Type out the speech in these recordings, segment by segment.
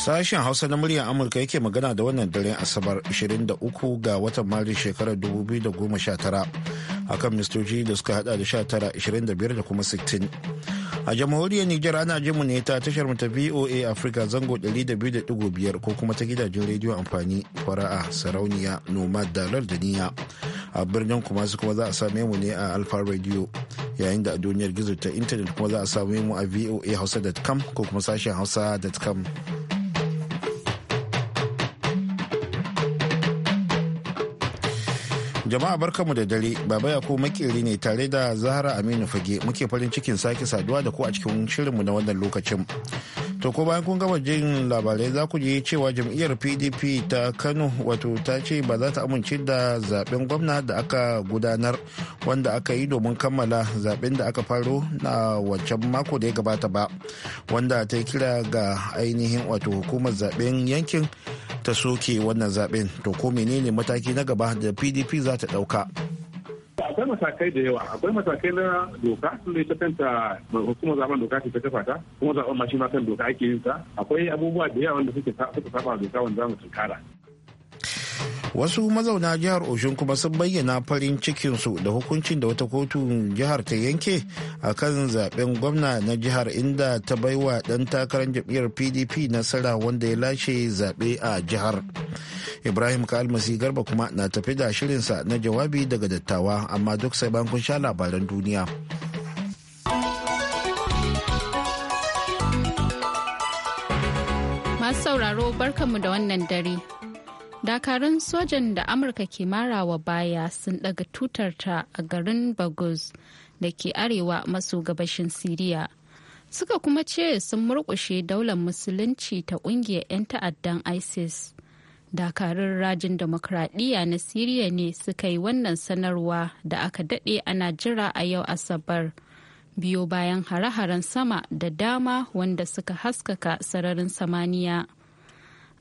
Sashen Hausa na muryar Amurka yake magana da wannan daren Asabar 23 ga watan Maris shekarar 2019 akan mistoci da suka hada da 19, 25 da kuma 60. A jamhuriyar Nijar ana mu ne ta tashar mu ta VOA Africa zango 200.5 ko kuma ta gidajen rediyo amfani fara'a sarauniya nomad dalar da niya. A birnin kuma su kuma za a same mu ne a Alfa Radio yayin da a duniyar gizo ta intanet kuma za a same mu a voa hausa.com ko kuma sashen hausa.com. Jama'a mu da dare, Baba ko makeri ne tare da Zahra Aminu Fage muke farin cikin sake saduwa da ku a cikin shirinmu na wannan lokacin. To ko bayan kun gama jin labarai za ku ji cewa jam'iyyar PDP ta Kano wato ta ce ba za ta amince da zaben gwamna da aka gudanar wanda aka yi domin kammala zaben da aka faro na wancan mako da ya gabata ba wanda ta kira ga ainihin wato hukumar zaben yankin ta soke wannan zaben to ko menene mataki na gaba da pdp za ta ɗauka akwai matakai da yawa akwai matakai na doka sun da ita kanta hukumar zaben doka ce ta kafa ta kuma zaben ma ma kan doka ake yin sa akwai abubuwa da yawa wanda suke suka saba doka wanda za mu tunkara wasu mazauna jihar oshun kuma sun bayyana farin cikinsu da hukuncin da wata kotun jihar ta yanke a kan zaben gwamna na jihar inda ta baiwa dan takarar jam'iyyar pdp nasara wanda ya lashe zaɓe a jihar ibrahim kalmasi garba kuma na tafi da shirinsa na jawabi daga dattawa amma duk sai bayan kun sha labaran duniya masu sauraro barkanmu da wannan dare dakarun sojan da amurka ke marawa baya sun daga tutarta a garin bagos da ke arewa maso gabashin siriya suka kuma ce sun murkushe daular musulunci ta kungiyar 'yan ta'addan isis dakarun rajin demokradiyya na siriya ne suka yi wannan sanarwa da aka daɗe ana jira a yau asabar biyo bayan hare-haren sama da dama wanda suka haskaka sararin samaniya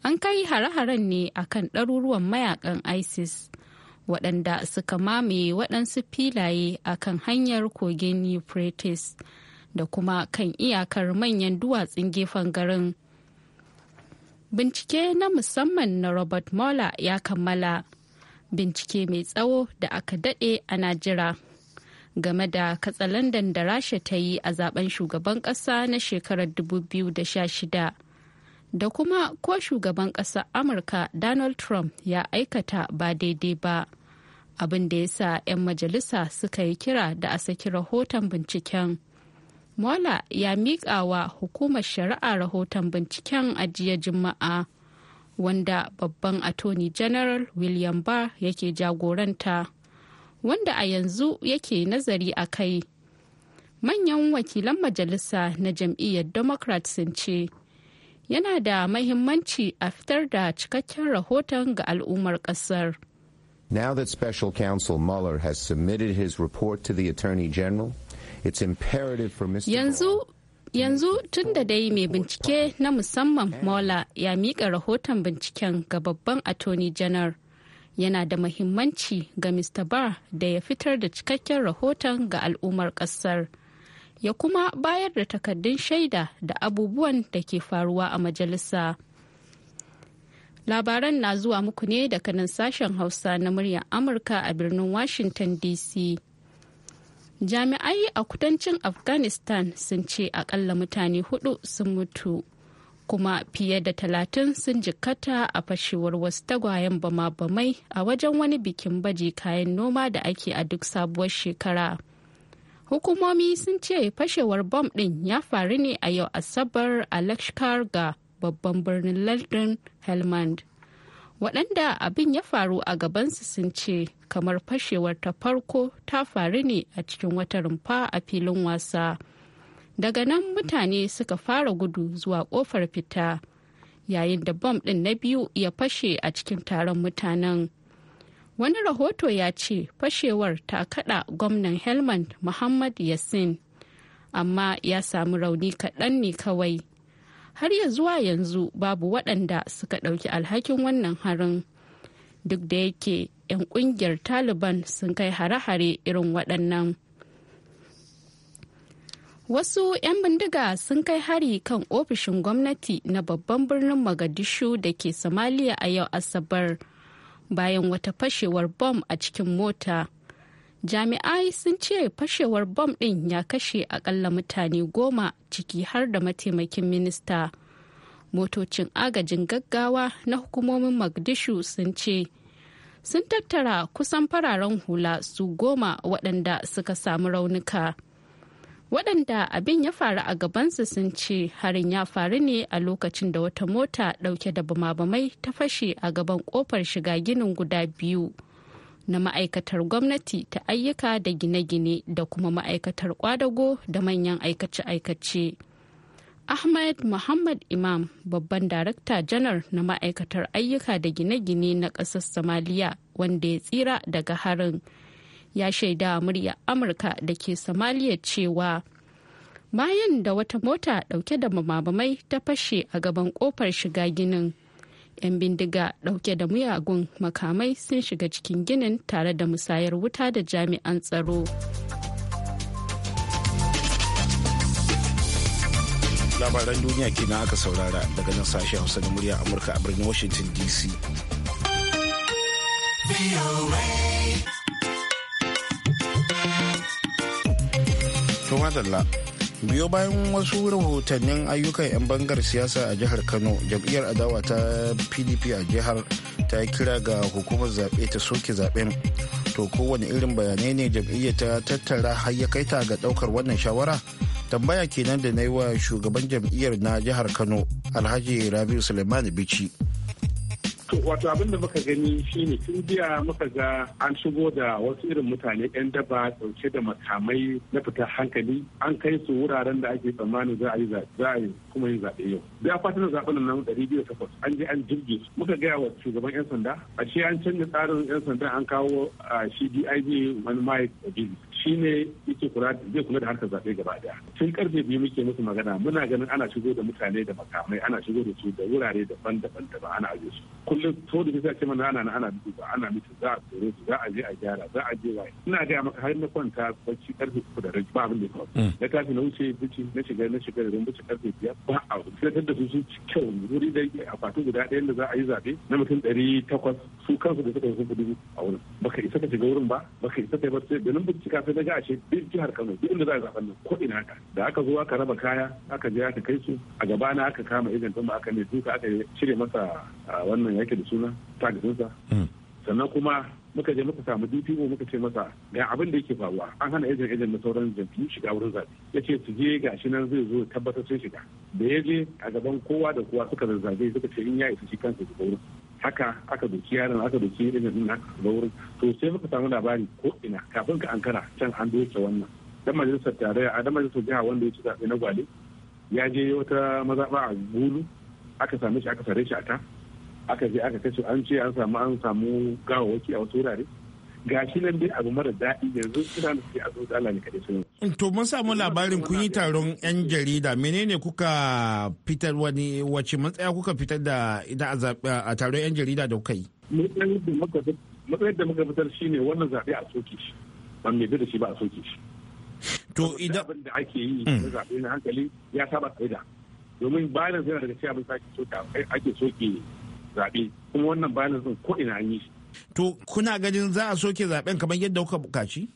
an kai hare-haren ne akan ɗaruruwan mayakan isis waɗanda suka mamaye waɗansu filaye akan hanyar kogin euphrates da kuma kan iyakar manyan duwatsun gefen garin bincike na musamman na robert mola ya kammala bincike mai tsawo da aka daɗe a jira game da katsalandan da rasha ta yi a zaben shugaban ƙasa na shekarar 2016 da kuma ko shugaban ƙasar amurka donald trump ya aikata ba daidai ba abin da ya sa 'yan majalisa suka yi kira da a saki rahoton binciken mola ya miƙa wa hukumar shari'a rahoton binciken a jiya juma'a wanda babban attorney general william barr yake jagoranta wanda a yanzu yake nazari a kai manyan wakilan majalisa na jam'iyyar democrat sun ce yana da mahimmanci a fitar da cikakken rahoton ga al'ummar ƙasar. Now that Special Counsel Mueller has submitted his report to the Attorney General, it's imperative for Mr. Yanzu tun da dai mai bincike na musamman Mola ya miƙa rahoton binciken ga babban Attorney General. Yana da mahimmanci ga Mr. Barr da ya fitar da cikakken rahoton ga al'ummar ƙasar. ya kuma bayar da takaddun shaida da abubuwan da ke faruwa a majalisa. Labaran na zuwa muku ne daga nan sashen Hausa na muryar Amurka a birnin Washington DC. Jami'ai a kudancin Afghanistan sun ce akalla mutane hudu sun mutu, kuma fiye da talatin sun jikkata a fashewar wasu tagwayen bama-bamai a wajen wani bikin baji kayan noma da ake a duk sabuwar shekara. Hukumomi sun ce fashewar bom ɗin ya faru ne a yau Asabar a Lakshkar ga babban birnin london Helmand. Waɗanda abin ya faru a gabansu sun ce kamar fashewar ta farko ta faru ne a cikin wata rumfa a filin wasa. Daga nan mutane suka fara gudu zuwa kofar fita yayin da bom ɗin na biyu ya fashe a cikin taron mutanen. wani rahoto ya ce fashewar ta kada gwamnan helmand muhammad yassin amma ya samu rauni kaɗan ne kawai har ya zuwa yanzu babu waɗanda suka ɗauki alhakin wannan harin duk da yake 'yan ƙungiyar taliban sun kai hare-hare irin waɗannan wasu 'yan bindiga sun kai hari kan ofishin gwamnati na babban birnin magadishu da ke somaliya a yau asabar bayan wata fashewar bom a cikin mota jami'ai sun ce fashewar bom ɗin ya kashe akalla mutane goma ciki har da mataimakin minista motocin agajin gaggawa na hukumomin magdishu sun ce sun tattara kusan fararen hula su goma waɗanda suka samu raunuka. waɗanda abin ya faru a gabansu sun ce harin ya faru ne a lokacin da wata mota ɗauke da bama ta fashe a gaban ƙofar shiga ginin guda biyu na ma'aikatar gwamnati ta ayyuka da gine-gine da kuma ma'aikatar kwadago da manyan aikace-aikace ahmed muhammad imam babban darakta janar na ma'aikatar ayyuka da gine-gine na ƙasar somaliya wanda ya tsira daga harin ya shaida murya amurka da ke somalia cewa bayan da wata mota dauke da mamamai ta fashe a gaban kofar shiga ginin yan bindiga dauke da muyagun makamai sun shiga cikin ginin tare da musayar wuta da jami'an tsaro labaran duniya kenan aka saurara daga nan sashen hausa na murya amurka a birnin washington dc madalla biyo bayan wasu rahotannin ayyukan 'yan bangar siyasa a jihar kano jam'iyyar adawa ta pdp a jihar ta kira ga hukumar zaɓe ta soke zaɓen to kowane irin bayanai ne jam'iyyar ta tattara har ya kai ta ga ɗaukar wannan shawara tambaya kenan da na yi wa shugaban jam'iyyar na jihar kano alhaji rabiu suleiman bichi. To wato abin da muka gani shi ne. tun jiya muka ga an shigo da wasu irin mutane 'yan daba dauke da makamai na fita hankali an kai su wuraren da ake tsammanin za a yi za kuma yin zaɓe yau. Da fatan zaɓen nan ɗari biyu takwas an je an jirgi. muka gaya wa shugaban 'yan sanda a ce an canza tsarin 'yan sanda an kawo shi DIG wani a shi ne yake kula zai kula da harkar zaɓe gaba daya tun karfe biyu muke musu magana muna ganin ana shigo da mutane da makamai ana shigo da su da wurare daban-daban daban ana ajiye su kullum ko da ke ce mana ana ana ana ba ana mutu za a tsoro za a je a gyara za a je waye ina ga maka har na kwanta bacci karfe uku da rage ba abin da ya faru mm. na tafi na wuce bacci na shiga na shiga da bacci karfe biyar ba a fitar da su sun kyau wuri da a fatu guda ɗaya da za a yi zaɓe na mutum ɗari takwas su kansu da suka yi dubu a wurin baka isa ka shiga wurin ba baka isa kai ba sai da nan bici ka sai na ga ashe duk jihar Kano duk inda za a zaɓa nan ko ina ka da aka zo aka raba kaya aka je aka kai su a gabana aka kama idan ba aka ne duka aka cire masa wannan yake da suna tagisinsa hmm. sannan kuma muka je muka samu dpo muka ce masa ga abin da yake faruwa an hana ejen ejen na sauran jam'iyyu shiga wurin zaɓe ya ce su je ga shi nan zai zo tabbatar sun shiga da ya je a gaban kowa da kowa suka zazzage suka ce in ya isa shi kansa shiga wurin haka aka doki yaron aka doki ejen din aka shiga wurin to sai muka samu labari ko ina kafin ka ankara can an doke wannan dan majalisar tarayya a dan majalisar jiha wanda ya ci zaɓe na gwale ya je wata mazaɓa a gulu aka same shi aka sare shi a ta aka je aka kashe an ce an samu an samu gawawaki a wasu wurare ga shi nan dai abu mara daɗi yanzu suna da suke azo Allah ne kaɗai sun to mun samu labarin kun yi taron yan jarida menene kuka fitar wani wace matsaya kuka fitar da ita a taron yan jarida da kuka yi matsayar da muka fitar ne wannan zaɓe a soke shi ban mai da shi ba a soke shi to idan abin da ake yi mm. na zaɓe na hankali ya saba tsaida domin bayan sai daga cewa abin sake soke ake soke zaɓe kuma wannan bayanin sun ko ina yi to kuna ganin za a soke zaɓen kamar yadda kuka buƙaci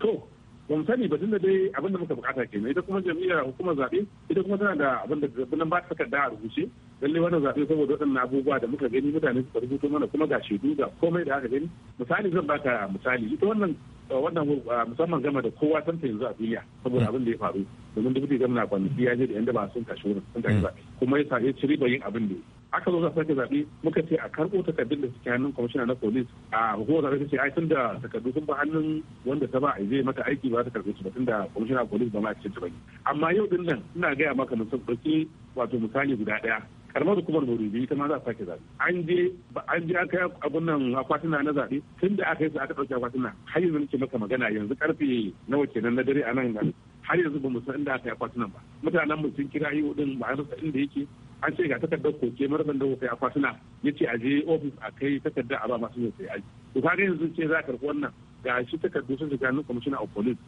to ba mu sani ba tunda dai abin da muka bukata kenan ita kuma jam'iyyar hukumar zaɓe ita kuma tana da abin da ba ta takarda a rubuce lallai wannan zaɓe saboda waɗannan abubuwa da muka gani mutane suka rubuto mana kuma ga shaidu ga komai da aka gani misali zan baka misali ita wannan uh, wannan uh, musamman gama da kowa san ta yanzu a duniya saboda abin da ya faru domin dubu da na kwanaki ya je da yanda ba sun kashe wurin sun kashe mm. zaɓe kuma ya sake ci riba yin abin da aka zo za sake zaɓe muka ce a karɓo takardun da suke hannun kwamishina na polis a hukumar zaɓe ta ce ai da takardu sun ba hannun wanda ta ba a zai mata aiki ba ta karɓe su ba tunda kwamishina polis ba ma a cikin ta ba amma yau din nan ina gaya maka mutum ɗauki wato misali guda ɗaya karamar hukumar Mauridi ita ma za a sake zaɓe an je an je an kai abun nan akwatuna na zaɓe tun da aka yi aka ɗauki akwatuna har yanzu nake maka magana yanzu karfe nawa kenan na dare a nan har yanzu ba mu san inda aka yi akwatunan ba mutanen mu sun kira yi din ba a inda yake an ce ga takardar koke marasan da kai akwatuna ya ce a je ofis a kai takardar a ba masu yin sai aji to kaga yanzu ce za a karɓi wannan ga shi takardu sun shiga nan kwamishina of police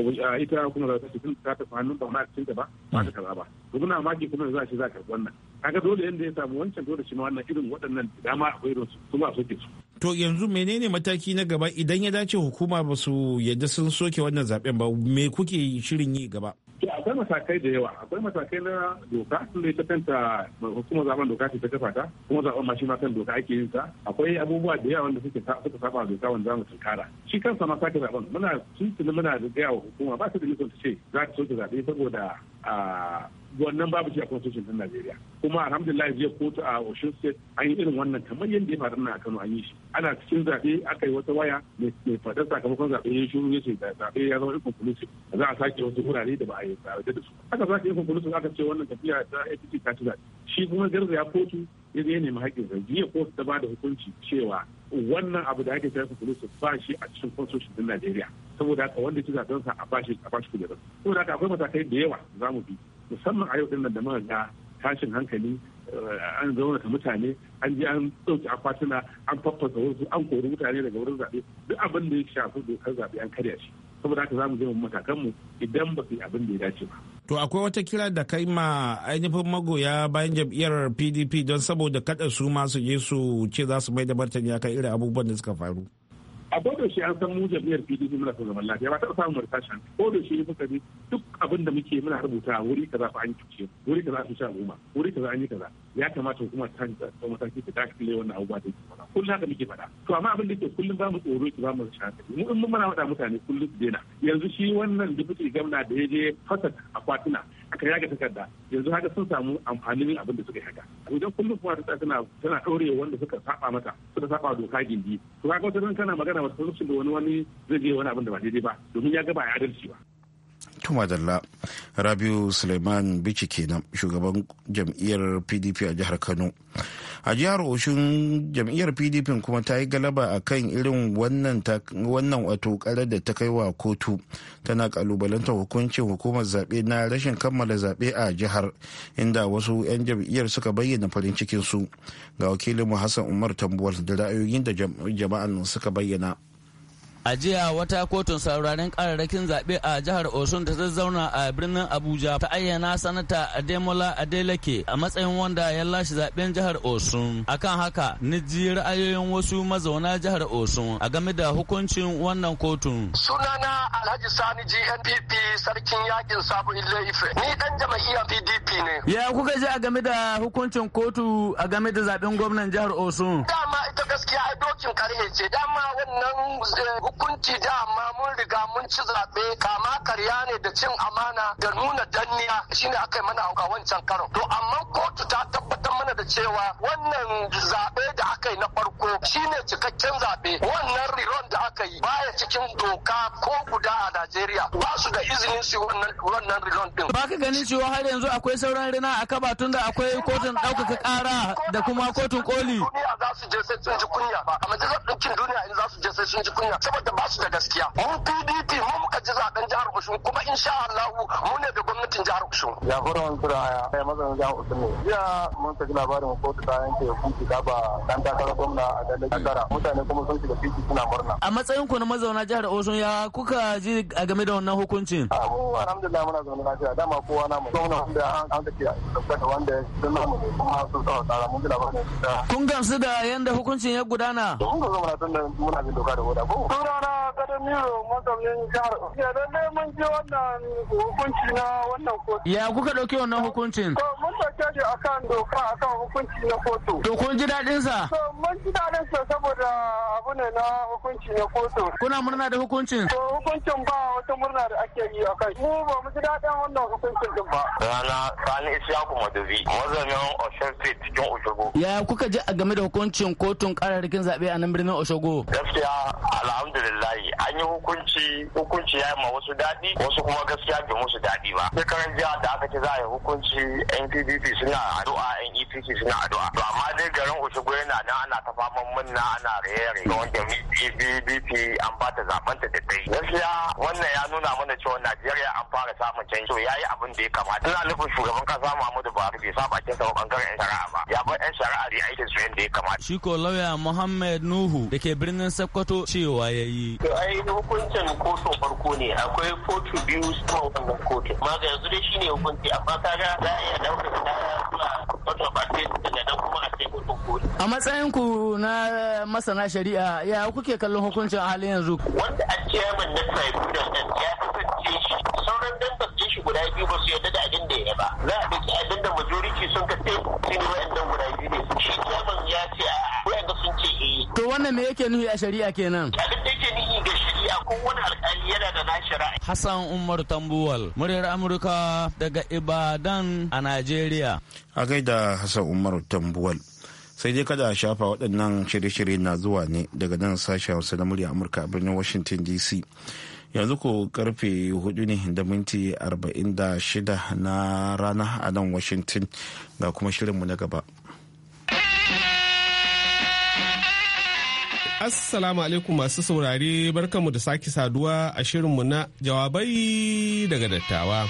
a ita kuma za ta cikin ta tafi hannun ba ma cikin ta ba ba ta kaza ba to muna maki kuma za shi za ka wannan kaga dole yanda ya samu wancan dole shi ma wannan irin waɗannan dama akwai irin su kuma a soke su to yanzu menene mataki na gaba idan ya dace hukuma ba su yadda sun soke wannan zaben ba me kuke shirin yi gaba to akwai matakai da yawa akwai matakai na doka tun da ita kanta hukumar zaben doka ce ta kafa ta kuma zaben ma shi ma kan doka ake yin sa akwai abubuwa da yawa wanda suke suka saba doka wanda zamu tunkara shi kansa ma sake zaben muna tuntuni muna da gaya wa hukuma ba su da nufin ce za ta soke zaɓe saboda a wannan babu shi a constitution din Najeriya kuma alhamdulillah jiya kotu a Osun State an yi irin wannan kamar yadda ya faru a Kano an yi shi ana cikin zabe aka yi wata waya mai fadar sakamakon zabe ya shiru ya ce zaɓe ya zama inconclusive za a sake wasu wurare da ba a yi tsara yarda da su haka za ka yi su aka ce wannan tafiya ta APC ta ci zaɓe shi kuma garzaya kotu ya zai nemi haƙƙin sa jiya kotu ta bada hukunci cewa wannan abu da ake tafi su ba shi a cikin konsoshin din Najeriya saboda haka wanda ci zaɓen sa a ba shi a ba shi kujerar saboda haka akwai matakai da yawa za mu bi musamman a yau din nan da muka ga tashin hankali eh, an zauna ta mutane an ji an ɗauki akwatuna an faffasa wasu an kori mutane daga wurin zaɓe duk abin da ya shafi dokar zaɓe an karya shi saboda haka za mu je mu matakanmu idan ba su yi abin da ya dace ba. To akwai wata kira da kai ma ainihin magoya bayan jam'iyyar PDP don saboda kada su ma su je su ce za su mai da martani akan irin abubuwan da suka faru. a kodo shi an san mu jami'ar PDP muna son zaman lafiya ba taɓa samun tashin kodo shi muka ji duk abin da muke muna rubuta wuri kaza fa an kice wuri kaza su sha goma wuri kaza an yi kaza ya kamata hukuma ta ta ta mataki ta le wannan abubuwa da kuma faɗa kullum haka muke faɗa to amma abin da ke kullum ba mu tsoro ki ba mu shafi mu in mun muna wada mutane kullum su dena yanzu shi wannan dubuti gwamna da ya je fasa akwatuna aka suka takarda yanzu haka sun samu amfanin abin da suka haka wajen kullum kuma ta tana tana ɗaure wanda suka saba mata suka saba doka gindi to kaga wata kana magana wata sun da wani wani zai je wani abin da ba daidai ba domin ya ga ba adalci ba Tuma Dalla Rabiu Suleiman Bici kenan shugaban jam'iyyar PDP a jihar Kano. A jihar Oshun jam'iyyar PDP kuma ta yi galaba a kan irin wannan wato karar da ta kai wa kotu tana kalubalantar hukuncin hukumar zaɓe na rashin kammala zaɓe a jihar inda wasu 'yan jam'iyyar suka bayyana farin cikinsu ga wakilinmu Hassan Umar Tambuwal da ra'ayoyin da jama'an suka bayyana. a jiya wata kotun sauraren kararrakin zaɓe a jihar osun ta zazzauna a birnin abuja ta ayyana sanata ademola adeleke a matsayin wanda ya lashe zaɓen jihar osun akan haka ni ji ra'ayoyin wasu mazauna jihar osun a game da hukuncin wannan kotun sunana alhaji sani gnpp sarkin yakin sabu ife ni dan jama'iyyar pdp ne ya kuka ji a game da hukuncin kotu a game da zaɓen gwamnan jihar osun dama ita gaskiya dokin karhe ce dama wannan eh, hukunci dama mun riga mun ci zaɓe kama karya ne da cin amana da nuna danniya shine aka yi mana a wancan karo to amma kotu ta tabbatar mana da cewa wannan zaɓe da aka yi na farko shine cikakken zaɓe wannan riron suka yi baya cikin doka ko guda a Najeriya ba su da izinin su wannan wannan rilon din. Ba ka ganin cewa har yanzu akwai sauran rina a kaba tunda akwai kotun ɗaukaka ƙara da kuma kotun koli. Duniya za su je sai sun ji kunya ba amma majalisar ɗaukin duniya in za su je sai sun ji kunya saboda ba su da gaskiya. Mun PDP mu muka ji zaben jihar Osun kuma insha Allah mu ne da gwamnatin jihar Osun. Ya fara wani tura aya kai mazan jihar Osun ne. ya mun ji labarin kotu ta yanke hukunci ta ba dan takarar gwamna a dalilin kara mutane kuma sun shiga fiki suna murna. matsayin ku na mazauna jihar Osun ya kuka ji a game da wannan hukuncin? Abu ah, alhamdulillah muna zaune lafiya dama kowa na mu zauna wanda an sake da wanda sun namu ne kuma sun tsawa tsara mun ji labarin da. Kun gamsu da yanda hukuncin ya gudana? Mun gamsu muna tun da muna jin doka da oda ko. Sunana Gadon Miro mazaunin jihar Osun. Ya dan mun ji wannan hukunci na wannan kotu. Ya kuka ɗauki wannan hukuncin? Mun tashi a kan doka a kan hukunci na kotu. To kun ji daɗin sa? Mun ji daɗin sa saboda abu ne na hukunci na kotu. Kuna murna da hukuncin? To hukuncin ba wata murna da ake yi a kai. Mu ba mu ji daɗin wannan hukuncin din ba. Rana Sani Ishaku Madubi, mazanin Oshun Street cikin Oshogo. Yaya kuka ji a game da hukuncin kotun kararrakin zaɓe a nan birnin Oshogo? Gaskiya alhamdulillahi an yi hukunci hukunci ya yi ma wasu daɗi wasu kuma gaskiya bai musu daɗi ba. Sai karan jiya da aka ce za a yi hukunci NPDP suna addu'a yan EPC suna addu'a to amma dai garin Oshogbo yana nan ana ta faman munna ana rere raye wanda BBP e an ba ta ta da dai gaskiya wannan ya nuna mana cewa Najeriya an fara samun canji to yayi abin da ya kamata ina nufin shugaban kasa Muhammadu Buhari bai sa bakin sa bangaren shari'a ba ya bar yan shari'a da aikin su yanda ya kamata shi ko lawyer Muhammad Nuhu da ke birnin Sokoto cewa yayi to ai hukuncin kotu farko ne akwai kotu biyu sama wannan kotu amma ga yanzu dai shine hukunci amma kaga za a iya daukar a matsayin ku na eh, masana shari'a ya kuke kallon hukuncin a halin yanzu wanda a ciyaman na tribunal nan ya kasance shi sauran dan shi guda biyu ba su yarda da abin da ya ba za a ɗauki abin da majority sun ka ce sun yi wa'annan guda biyu ne shi ciyaman ya ce a wa'anda sun ce eh to wannan me yake nuhi a shari'a kenan abin da alkali yana da nashi ra'ayi. Hassan Umar Tambuwal, muryar Amurka daga Ibadan a Najeriya. A gaida Hassan Umar Tambuwal. Sai dai kada a shafa waɗannan shirye-shirye na zuwa ne daga nan sashen Hausa na murya Amurka a birnin Washington DC. Yanzu ko karfe hudu ne da minti 46 na rana a nan Washington ga kuma shirinmu na gaba. Assalamu alaikum masu saurare barkanmu da sake saduwa a shirinmu na jawabai daga dattawa.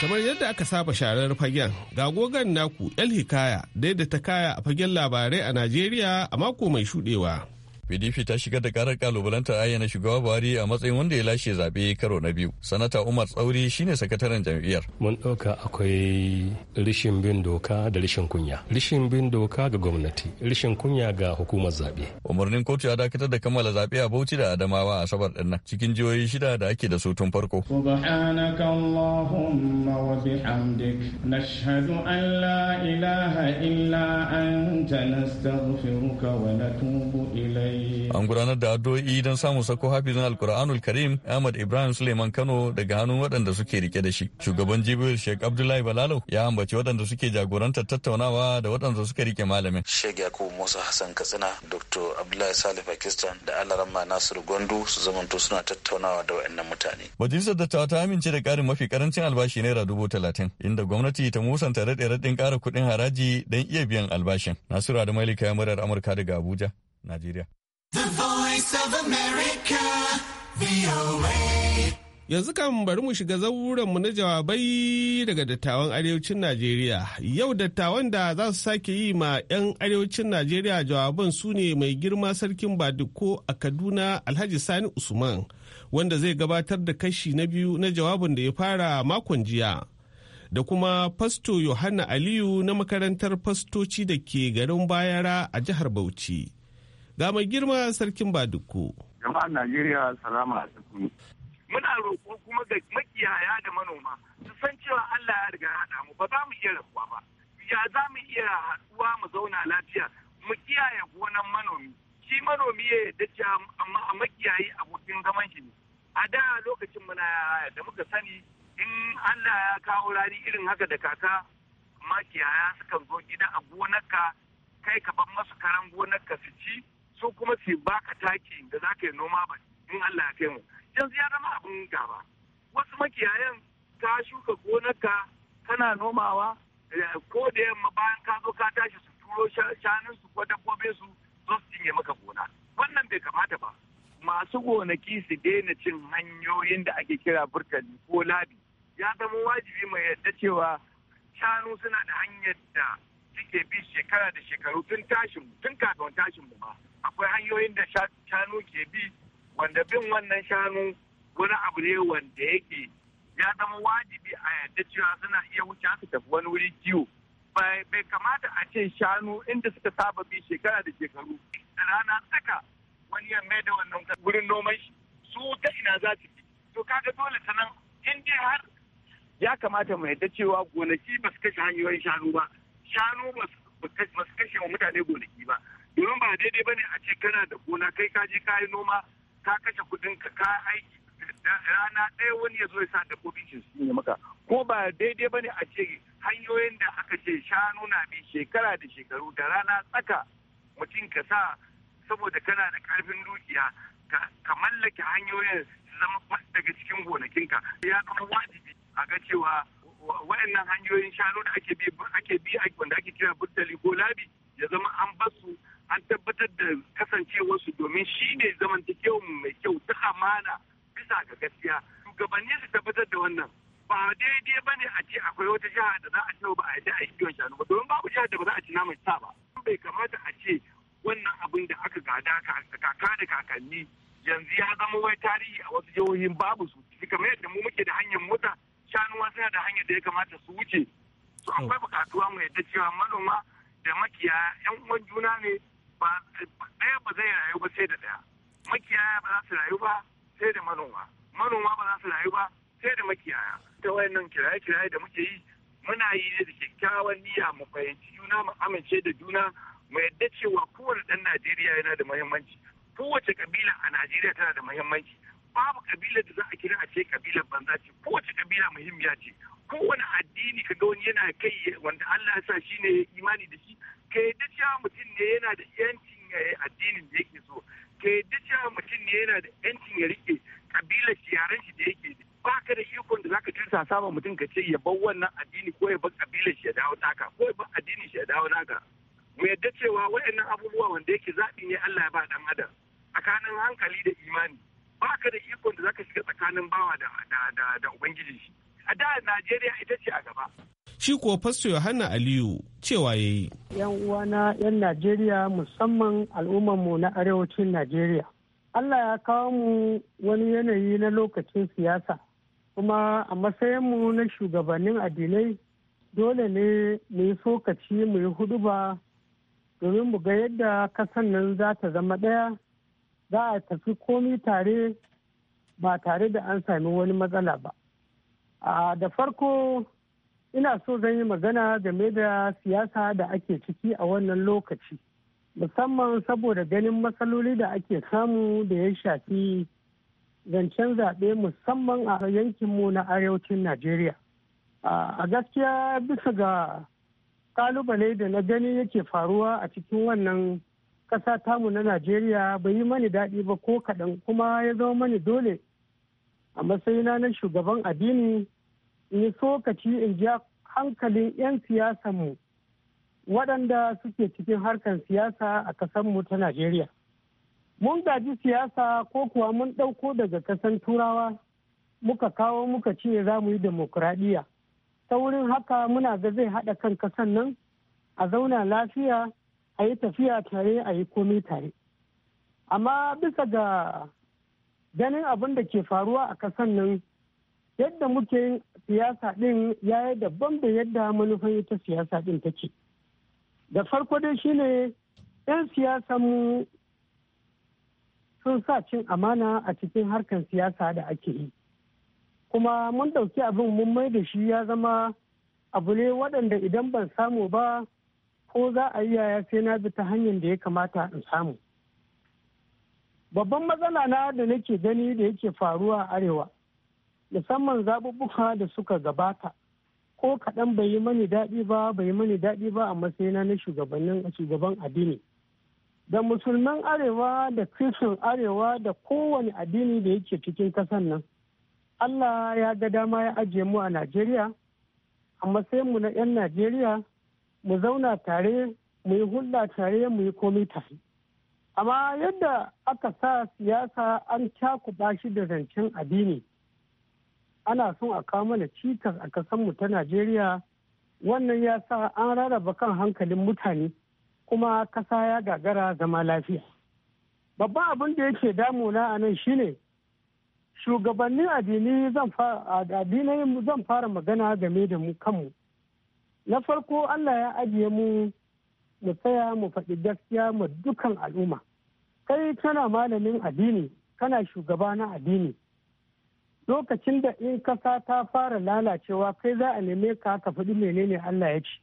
Kamar yadda aka saba sharar fagen, ga gogan naku El Hikaya daidaita kaya a fagen labarai a Najeriya a mako mai shudewa. PDP ta shigar da karar kalubalantar ayyana shugaba Buhari a matsayin wanda ya lashe zabe karo na biyu. Sanata Umar Tsauri shine sakataren jam'iyyar. Mun ɗauka akwai rishin bin doka da rishin kunya. Rishin bin doka ga gwamnati, rishin kunya ga hukumar zaɓe. Umarnin kotu ya dakatar da kammala zaɓe a Bauchi da Adamawa a Asabar ɗin nan cikin jihohi shida da ake da su tun farko. Subhanaka Allahumma wa bihamdik nashhadu an la ilaha illa anta nastaghfiruka wa natubu ilayk. An gudanar da addu'o'i don samun sako hafizin Alkur'anul Karim Ahmad Ibrahim Suleiman Kano daga hannun waɗanda suke rike da shi. Shugaban Jibril Sheikh Abdullahi Balalo ya ambaci waɗanda suke jagorantar tattaunawa da waɗanda suka rike malamin. Sheikh Yakubu Musa Hassan Katsina, Dr. Abdullahi Salih Pakistan da Alarama Nasiru gondu su zamanto suna tattaunawa da waɗannan mutane. Majalisar dattawa ta amince da ƙarin mafi ƙarancin albashi naira dubu talatin, inda gwamnati ta musanta raɗe-raɗin ƙara kuɗin haraji don iya biyan albashin. Nasiru adamali kaya ya Amurka daga Abuja, Najeriya. The Voice of America, Yanzu kan bari mu shiga mu na jawabai daga dattawan arewacin Najeriya. Yau dattawan da za su sake yi ma 'yan arewacin Najeriya jawaban su ne mai girma sarkin Badiko a Kaduna Alhaji Sani Usman, wanda zai gabatar da kashi na biyu na jawabin da ya fara makon jiya. Da kuma Fasto Yohanna Aliyu na makarantar fastoci da ke garin Bayara a jihar Bauchi. Ga mai girma sarkin Baduku. Jama'a Najeriya salama Muna roƙo kuma ga makiyaya da manoma su san cewa Allah ya riga haɗa mu ba za mu iya rabuwa ba. Ya za mu iya haɗuwa mu zauna lafiya mu kiyaye gonan manomi. Shi manomi ya yarda cewa amma a makiyayi abokin zaman shi ne. A da lokacin muna da muka sani in Allah ya kawo rani irin haka da kaka makiyaya sukan zo gida a gonarka kai ka bar masu karan gonarka su ci su kuma su baka taki da za ka yi noma ba in Allah ya kai mu yanzu ya zama abin gaba wasu makiyayan ka shuka gonar ka, kana nomawa eh, ko da yamma bayan ka zo ka tashi su turo shanun su ko dabbobin su zo su cinye maka gona wannan bai kamata ba masu gonaki su daina cin hanyoyin da ake kira burtali ko labi ya zama wajibi mai yadda cewa shanu suna da hanyar da suke bi shekara da shekaru tun tashin tun kafin tashin mu ba akwai hanyoyin da shanu ke bi wanda bin wannan shanu wani abu ne wanda yake ya zama wajibi a yadda cewa suna iya wuce su tafi wani wuri kiwo bai kamata a ce shanu inda suka saba bi shekara da shekaru rana tsaka wani yamma da wannan wurin noman shi su ta ina za su bi to kaga dole nan in dai har ya kamata mu yadda cewa gonaki ba su kashe hanyoyin shanu ba shanu ba su kashe mutane gonaki ba domin ba daidai bane a ce kana da gona kai ka je ka noma ka kashe kudin ka ka aiki rana ɗaya wani ya zo ya sa dabbobi shi su ne maka ko ba daidai bane a ce hanyoyin da aka ce shanu na bi shekara da shekaru da rana tsaka mutum ka sa saboda kana da karfin dukiya ka mallake hanyoyin su zama daga cikin gonakinka ya zama wajibi a ga cewa waɗannan hanyoyin shanu da ake bi ake bi wanda ake kira burtali ko labi ya zama an basu an tabbatar da kasancewarsu domin shi ne zamantakewa mai kyau ta amana bisa ga gaskiya shugabanni su tabbatar da wannan ba daidai ba ne a ce akwai wata jiha da za a ce ba a yi a kiwon shanu ba domin babu jihar da ba za a ci nama sa ba bai kamata a ce wannan abin da aka gada kaka da kakanni yanzu ya zama wai tarihi a wasu jihohin babu su kamar yadda mu muke da hanyar mota shanuwa suna da hanyar da ya kamata su wuce su akwai bukatuwa mu yadda cewa manoma da makiyaya yan uwan juna ne ba ɗaya ba zai rayu ba sai da ɗaya makiyaya ba za su rayu ba sai da manoma manoma ba za su rayu ba sai da makiyaya ta wayannan kiraye-kiraye da muke yi muna yi ne da kyakkyawan niyya mu fahimci juna mu amince da juna mu yadda cewa kowane ɗan Najeriya yana da muhimmanci kowace kabila a Najeriya tana da muhimmanci babu kabilar da za a kira a ce kabilar banza ce kowace kabila muhimmiya ce kowane addini ka ga wani yana kai wanda Allah ya sa shi ne imani da shi ka yadda cewa mutum ne yana da yancin addinin da yake so ka yadda cewa mutum ne yana da yancin ya rike kabilar shi yaren shi da yake ba ka da ikon da zaka tursa sama mutum ka ce ya bar wannan addini ko ya bar kabilar shi ya dawo naka ko ya bar addinin shi ya dawo naka mu yadda cewa waɗannan abubuwa wanda yake zaɓi ne Allah ya ba dan adam tsakanin hankali da imani ba ka da ikon da zaka shiga tsakanin bawa da da da shi a da Najeriya ita ce a gaba. Shi kuwa Fasto Yohana Aliyu cewa ya yi. ‘Yan uwana ‘yan Najeriya musamman al'ummarmu na arewacin Najeriya. Allah ya kawo mu wani yanayi na lokacin siyasa, kuma a matsayinmu na shugabannin addinai dole ne mu yi sokaci mu yi ba domin mu ga yadda kasan nan za ta zama ɗaya za a tafi komi tare ba tare da an sami wani matsala ba. da farko ina so zan yi magana game da siyasa da ake ciki a wannan lokaci musamman saboda ganin matsaloli da ake samu da ya shafi zancen zaɓe musamman a yankinmu na arewacin najeriya a gaskiya bisa ga kalubale da na gani yake faruwa a cikin wannan ƙasa tamu na najeriya bai yi mani daɗi ba ko kaɗan kuma ya zama mani dole a matsayina na shugaban addini in yi sokaci in ji hankalin 'yan siyasanmu waɗanda suke cikin harkar siyasa a ƙasarmu ta najeriya mun gaji siyasa ko kuwa mun ɗauko daga ƙasar turawa muka kawo muka ce za mu yi demokuraɗiyya ta wurin haka muna ga zai haɗa kan ƙasar nan a zauna lafiya a yi tafiya tare a yi komai tare amma bisa ga ganin abin da ke faruwa a kasan nan yadda muke siyasa ɗin ya yi daban da yadda manufan ita siyasa ɗin take da farko dai shine 'yan siyasanmu sun sa cin amana a cikin harkar siyasa da ake yi kuma mun ɗauki abin mun mai da shi ya zama abu ne waɗanda idan ban samu ba ko za a yi yaya sai na bi ta hanyar da ya kamata in samu babban matsala na da nake gani da yake faruwa a arewa musamman zaɓuɓɓuka da suka gabata ko kaɗan bai yi mani daɗi ba bai yi mani daɗi ba a matsayina na shugabannin shugaban addini da musulman arewa da kristin arewa da kowane addini da yake cikin ƙasar nan allah ya ga dama ya ajiye mu a najeriya a mu na 'yan najeriya mu zauna tare mu yi hulɗa tare mu yi komai tare amma yadda aka sa siyasa an cakuɓa shi da zancen addini ana son a kawo mana cikas a kasanmu ta najeriya wannan ya sa an rarraba kan hankalin mutane kuma kasa ya gagara zama lafiya babban abin da yake damuna a nan shine shugabannin addini zan fara magana game da mu kanmu na farko allah ya ajiye mu mu tsaya mu faɗi gaskiya mu dukan al'umma kai kana malamin addini kana shugaba na addini lokacin da in kasa ta fara lalacewa kai za a neme ka ka faɗi menene Allah ya ci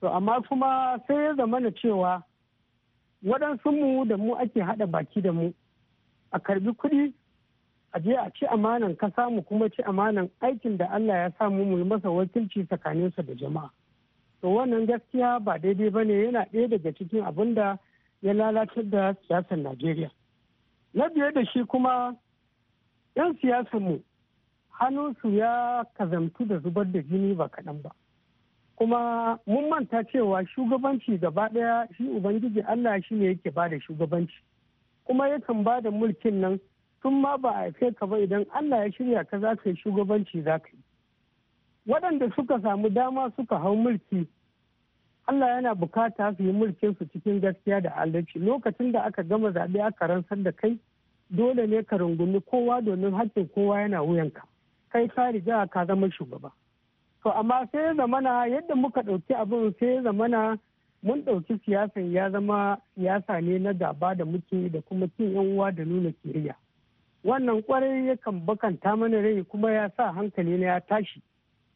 to amma kuma sai ya zama na cewa waɗansu mu da mu ake haɗa baki da mu a karbi kuɗi a je a ci amanan kasa mu kuma ci amanan aikin da Allah ya samu mu yi masa wakilci tsakaninsa da jama'a to wannan gaskiya ba daidai bane yana ɗaya daga cikin abin da ya lalatar da siyasar najeriya na biye da shi kuma 'yan siyasarmu hannunsu ya kazantu da zubar da jini ba kaɗan ba kuma mun manta cewa shugabanci gaba ɗaya shi ubangiji allah shi ne yake bada shugabanci kuma yakan ba da mulkin nan tun ma ba a haife ka ba idan allah ya shirya ka za ka yi shugabanci za ka yi waɗanda suka samu dama suka hau mulki Allah yana bukata su yi mulkin su cikin gaskiya da adalci lokacin da aka gama zaɓe aka rantsar da kai dole ne ka rungumi kowa domin hakkin kowa yana wuyanka kai ka riga ka zama shugaba to amma sai ya zamana yadda muka ɗauki abin sai ya zamana mun ɗauki siyasan ya zama siyasa ne na gaba da muke da kuma cin yan uwa da nuna kiriya wannan kwarai yakan bakanta mana rai kuma ya sa hankali na ya tashi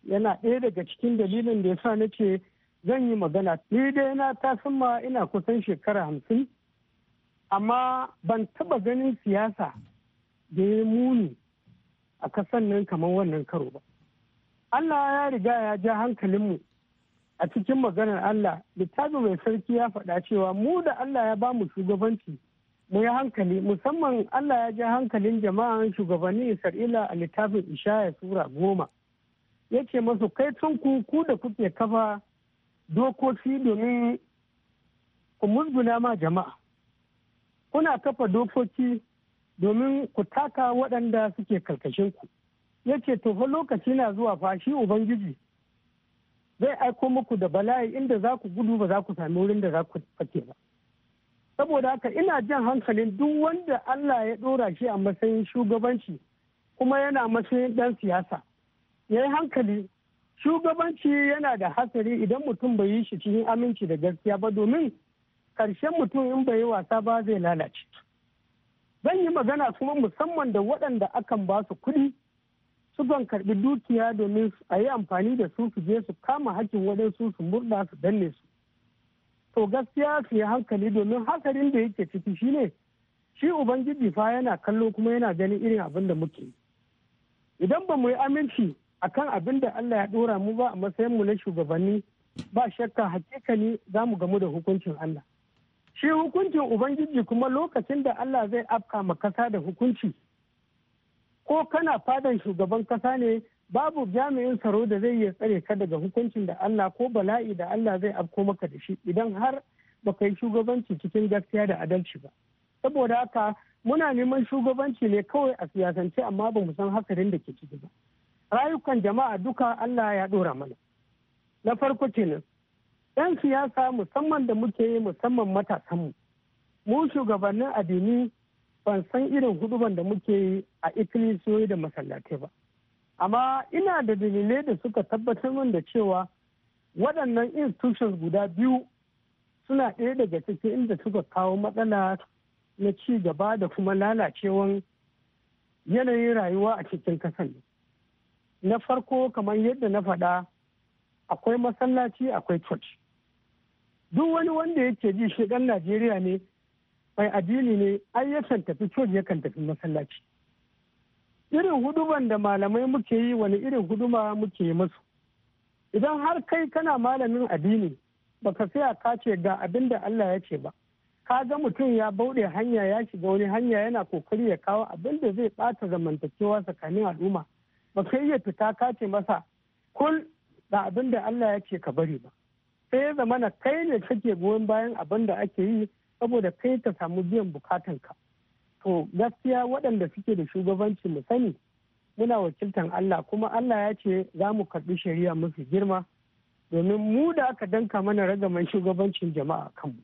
yana ɗaya daga cikin dalilin da ya sa na ce zan yi magana ni dai na ta ma ina kusan shekara hamsin amma ban taba ganin siyasa da ya muni a kasan nan kamar wannan karo ba allah ya riga ya ja hankalinmu a cikin maganar allah littafin mai sarki ya faɗa cewa mu da allah ya ba mu shugabanci mu yi hankali musamman allah ya ja hankalin jama'an shugabannin isra'ila a littafin ishaya sura goma Yake masu kai ku da kuke kafa dokoki domin ku musguna ma jama'a kuna kafa dokoki domin ku taka waɗanda suke ku. ya ce tofa lokaci na zuwa fashi ubangiji zai aiko muku da bala'i inda za ku gudu ba za ku sami wurin da za ku fake ba saboda haka ina jan hankalin duk wanda allah ya ɗora shi a matsayin shugabanci kuma yana matsayin ɗan siyasa ya yi hankali shugabanci yana da hasari idan mutum bai yi shi cikin aminci da gaskiya ba domin karshen mutum in bai yi wasa ba zai lalace zan yi magana kuma musamman da waɗanda akan ba su kuɗi su sukan karɓi dukiya domin a yi amfani da su su je su kama hakkin waɗansu su su murna su danne su to gaskiya su yi hankali domin hasarin da yake ciki shine shi ubangiji fa yana kallo kuma yana ganin irin abin da muke idan ba mu yi aminci akan abin da Allah ya dora mu ba a matsayin mu na shugabanni ba shakka hakika ne za mu gamu da hukuncin Allah shi hukuncin ubangiji kuma lokacin da Allah zai afka ma kasa da hukunci ko kana fadan shugaban kasa ne babu jami'in tsaro da zai iya tsare ka daga hukuncin da Allah ko bala'i da Allah zai afko maka da shi idan har baka yi shugabanci cikin gaskiya da adalci ba saboda haka muna neman shugabanci ne kawai a siyasance amma ba san hakarin da ke ciki ba rayukan jama'a duka Allah ya ɗora mana. Na farko kenan, ‘yan siyasa musamman da muke yi musamman matasanmu, mu shugabannin addini ban san irin huduban da muke yi a ikilisiyoyi da masallatai ba. Amma ina da dalilai da suka tabbatar min da cewa waɗannan institutions guda biyu suna ɗaya daga cikin inda suka kawo matsala na ci gaba da kuma lalacewan yanayin rayuwa a cikin kasan na farko kamar yadda na faɗa akwai masallaci akwai church duk wani wanda yake ji shi ɗan najeriya ne mai addini ne ai yakan tafi coci yakan tafi masallaci irin huduban da malamai muke yi wani irin huduma muke yi musu idan har kai kana malamin addini baka saya ka ce ga abin da Allah ya ce ba ka ga mutum ya bauɗe hanya ya shiga wani hanya yana kokari ya kawo abin da zai ɓata zamantakewa tsakanin al'umma ba ka iya fita ka ce masa kul da abin da Allah ya ce ka bari ba sai ya zamana kai ne kake goyon bayan abin da ake yi saboda kai ta samu biyan bukatanka to gaskiya waɗanda suke da shugabanci mu sani muna wakiltan Allah kuma Allah ya ce za mu karɓi shari'a mafi girma domin mu da aka danka mana ragaman shugabancin jama'a kanmu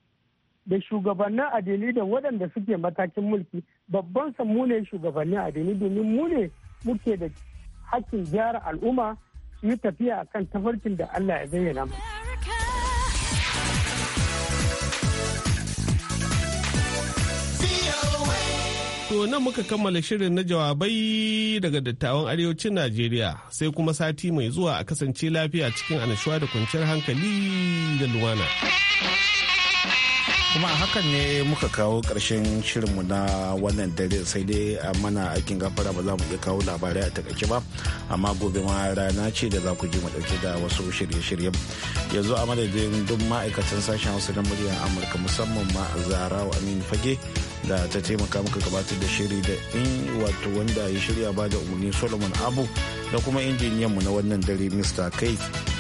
da shugabannin adini da waɗanda suke matakin mulki babban mu ne shugabannin adini domin mu ne muke da hakkin gyara al'umma su yi tafiya kan tafarkin da Allah ya zayyana To nan muka kammala shirin na jawabai daga dattawan arewacin Najeriya sai kuma sati mai zuwa a kasance lafiya cikin anashuwa da kwanciyar hankali da luwana kuma a hakan ne muka kawo ƙarshen shirinmu na wannan dare sai dai a mana aikin gafara ba za mu iya kawo labarai a takaice ba amma gobe ma rana ce da za ku ji mu da wasu shirye-shirye yanzu a madadin duk ma'aikatan sashen hausa na muryar amurka musamman ma a zara wa amin fage da ta taimaka muka gabatar da shiri da in wato wanda ya shirya ba da umarni solomon abu da kuma injiniyan mu na wannan dare mr kai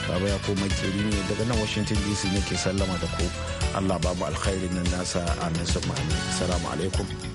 baba ko koma ne daga nan washington dc ne ke sallama da ku allah babu mu alkhairin nan nasa amin sun alaikum